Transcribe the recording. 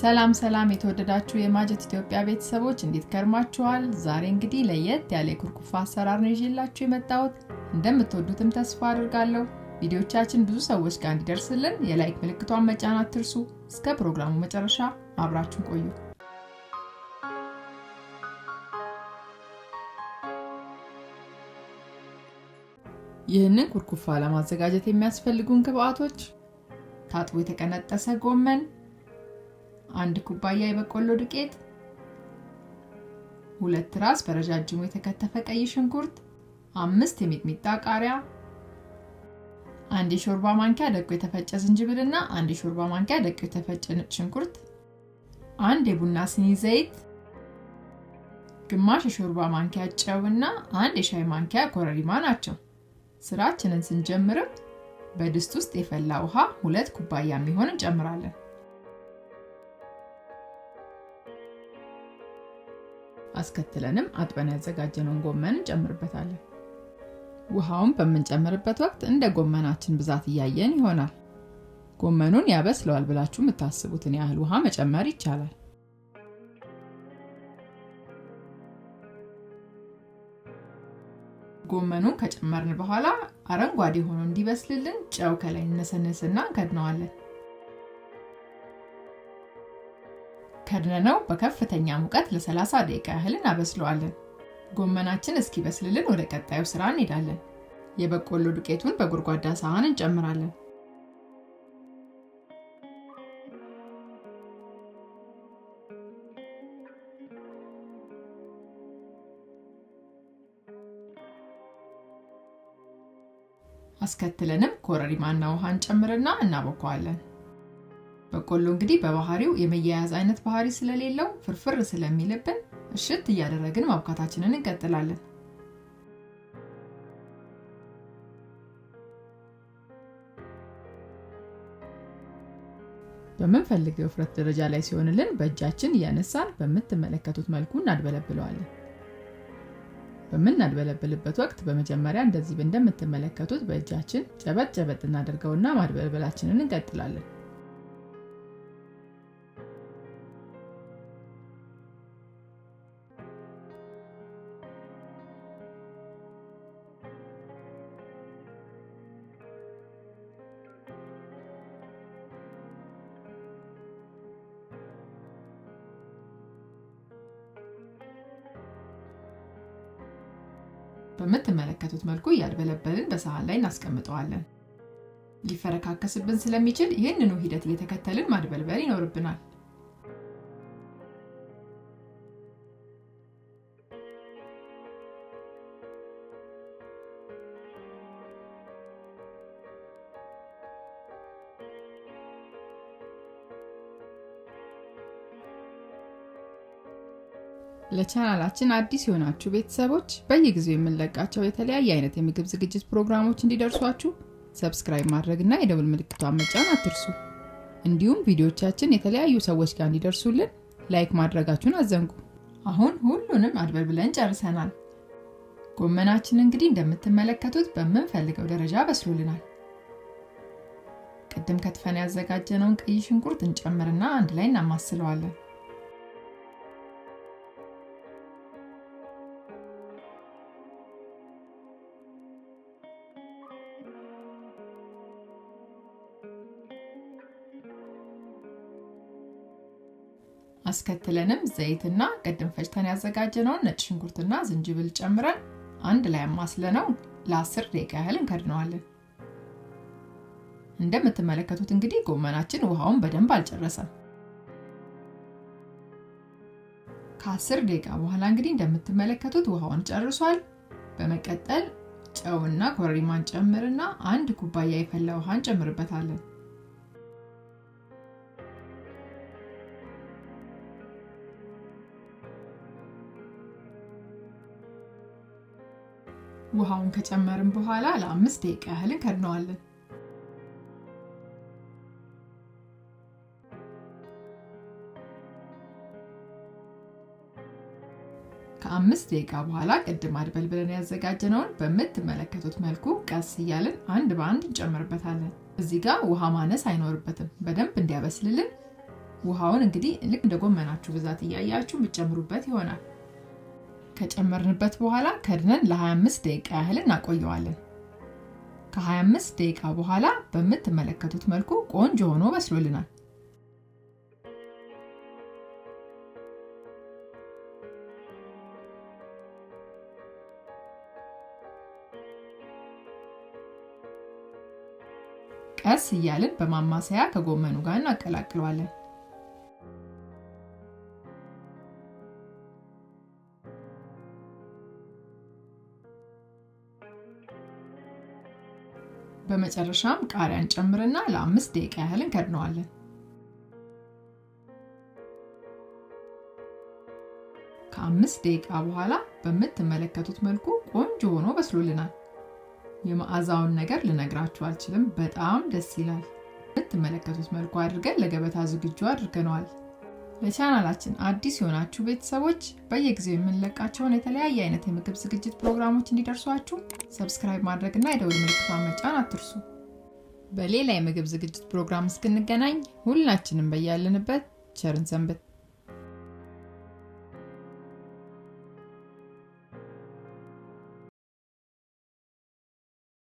ሰላም ሰላም የተወደዳችሁ የማጀት ኢትዮጵያ ቤተሰቦች እንዴት ከርማችኋል? ዛሬ እንግዲህ ለየት ያለ የኩርኩፋ አሰራር ነው ይላችሁ የመጣሁት። እንደምትወዱትም ተስፋ አድርጋለሁ። ቪዲዮቻችን ብዙ ሰዎች ጋር እንዲደርስልን የላይክ ምልክቷን መጫን አትርሱ። እስከ ፕሮግራሙ መጨረሻ አብራችሁን ቆዩ። ይህንን ኩርኩፋ ለማዘጋጀት የሚያስፈልጉን ግብአቶች ታጥቦ የተቀነጠሰ ጎመን አንድ ኩባያ የበቆሎ ዱቄት፣ ሁለት ራስ በረጃጅሙ የተከተፈ ቀይ ሽንኩርት፣ አምስት የሚጥሚጣ ቃሪያ፣ አንድ የሾርባ ማንኪያ ደቆ የተፈጨ ዝንጅብል እና አንድ የሾርባ ማንኪያ ደቆ የተፈጨ ነጭ ሽንኩርት፣ አንድ የቡና ስኒ ዘይት፣ ግማሽ የሾርባ ማንኪያ ጨው እና አንድ የሻይ ማንኪያ ኮረሪማ ናቸው። ስራችንን ስንጀምርም በድስት ውስጥ የፈላ ውሃ ሁለት ኩባያ የሚሆን እንጨምራለን። አስከትለንም አጥበን ያዘጋጀነውን ጎመን እንጨምርበታለን። ውሃውን በምንጨምርበት ወቅት እንደ ጎመናችን ብዛት እያየን ይሆናል። ጎመኑን ያበስለዋል ብላችሁ የምታስቡትን ያህል ውሃ መጨመር ይቻላል። ጎመኑን ከጨመርን በኋላ አረንጓዴ ሆኖ እንዲበስልልን ጨው ከላይ እነሰንስና እንከድነዋለን። ከድነነው በከፍተኛ ሙቀት ለ30 ደቂቃ ያህል እናበስለዋለን። ጎመናችን እስኪበስልልን ወደ ቀጣዩ ስራ እንሄዳለን። የበቆሎ ዱቄቱን በጎድጓዳ ሳህን እንጨምራለን። አስከትለንም ኮረሪማና ውሃ እንጨምርና እናቦከዋለን። በቆሎ እንግዲህ በባህሪው የመያያዝ አይነት ባህሪ ስለሌለው ፍርፍር ስለሚልብን እሽት እያደረግን ማብካታችንን እንቀጥላለን። በምንፈልገው ፍረት ደረጃ ላይ ሲሆንልን በእጃችን እያነሳን በምትመለከቱት መልኩ እናድበለብለዋለን። በምናድበለብልበት ወቅት በመጀመሪያ እንደዚህ እንደምትመለከቱት በእጃችን ጨበጥ ጨበጥ እናደርገውና ማድበልበላችንን እንቀጥላለን። በምትመለከቱት መልኩ እያድበለበልን በሰሃን ላይ እናስቀምጠዋለን። ሊፈረካከስብን ስለሚችል ይህንኑ ሂደት እየተከተልን ማድበልበል ይኖርብናል። ለቻናላችን አዲስ የሆናችሁ ቤተሰቦች በየጊዜው የምንለቃቸው የተለያየ አይነት የምግብ ዝግጅት ፕሮግራሞች እንዲደርሷችሁ ሰብስክራይብ እና የደውል ምልክቷን መጫን አትርሱ። እንዲሁም ቪዲዮቻችን የተለያዩ ሰዎች ጋር እንዲደርሱልን ላይክ ማድረጋችሁን አዘንጉ። አሁን ሁሉንም አድበል ብለን ጨርሰናል። ጎመናችን እንግዲህ እንደምትመለከቱት በምንፈልገው ደረጃ በስሉልናል ቅድም ከትፈን ያዘጋጀነውን ቀይ ሽንኩርት እንጨምርና አንድ ላይ እናማስለዋለን። አስከትለንም ዘይትና ቅድም ፈጭተን ያዘጋጀነውን ነጭ ሽንኩርትና ዝንጅብል ጨምረን አንድ ላይ አማስለነው ለ10 ደቂቃ ያህል እንከድነዋለን። እንደምትመለከቱት እንግዲህ ጎመናችን ውሃውን በደንብ አልጨረሰም። ከ10 ደቂቃ በኋላ እንግዲህ እንደምትመለከቱት ውሃውን ጨርሷል። በመቀጠል ጨውና ኮረሪማን ጨምርና አንድ ኩባያ የፈላ ውሃ እንጨምርበታለን። ውሃውን ከጨመርን በኋላ ለአምስት ደቂቃ ያህል እንከድነዋለን። ከአምስት ደቂቃ በኋላ ቅድም ብለን ያዘጋጀነውን በምትመለከቱት መልኩ ቀስ እያልን አንድ በአንድ እንጨምርበታለን። እዚህ ጋር ውሃ ማነስ አይኖርበትም። በደንብ እንዲያበስልልን ውሃውን እንግዲህ ልክ እንደ ጎመናችሁ ብዛት እያያችሁ የምትጨምሩበት ይሆናል። ከጨመርንበት በኋላ ከድነን ለ25 ደቂቃ ያህል እናቆየዋለን። ከ25 ደቂቃ በኋላ በምትመለከቱት መልኩ ቆንጆ ሆኖ በስሎልናል። ቀስ እያልን በማማሰያ ከጎመኑ ጋር እናቀላቅለዋለን። በመጨረሻም ቃሪያን ጨምርና ለአምስት ደቂቃ ያህል እንከድነዋለን። ከአምስት ደቂቃ በኋላ በምትመለከቱት መልኩ ቆንጆ ሆኖ በስሎልናል። የመዓዛውን ነገር ልነግራችሁ አልችልም። በጣም ደስ ይላል። በምትመለከቱት መልኩ አድርገን ለገበታ ዝግጁ አድርገነዋል። ለቻናላችን አዲስ የሆናችሁ ቤተሰቦች በየጊዜው የምንለቃቸውን የተለያየ አይነት የምግብ ዝግጅት ፕሮግራሞች እንዲደርሷችሁ ሰብስክራይብ ማድረግና የደውል ምልክቷን መጫን አትርሱ። በሌላ የምግብ ዝግጅት ፕሮግራም እስክንገናኝ ሁላችንም በያለንበት ቸርን ሰንብት።